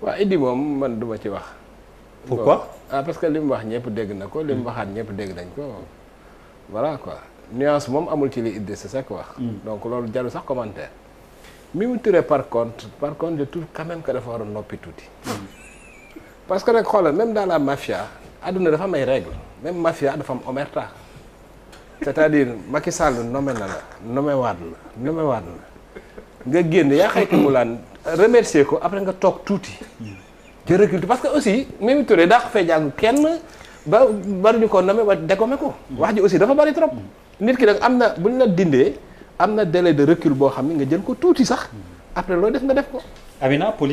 waaw Idi moom man du ci wax. pourquoi ah parce que li mu wax ñëpp dégg na ko. li mu waxaat ñëpp dégg ko voilà quoi nuance moom amul ci li Idrissa Seck wax. Hmm. donc loolu jarul sax commentaire. Mimi Touré par contre par contre je trouve quand même que dafa war a noppi hmm. parce que rek xoolal même dans la mafia adduna dafa am ay règles même mafia dafa am omerta c'est-à-dire Macky Sall nommé na la nommé waat la nommé waat la. nga génn yaa xayti laan remercier ko après nga toog tuuti jërëjëf parce que aussi Mimi Touré daa ko fee jàng kenn ba bari ñu ko name ba dégome ko. wax ji aussi dafa bari trop. nit ki nag am na bu ñu la dindee am na délai de recul boo xam ne nga jël ko tuuti sax après loo def nga def ko.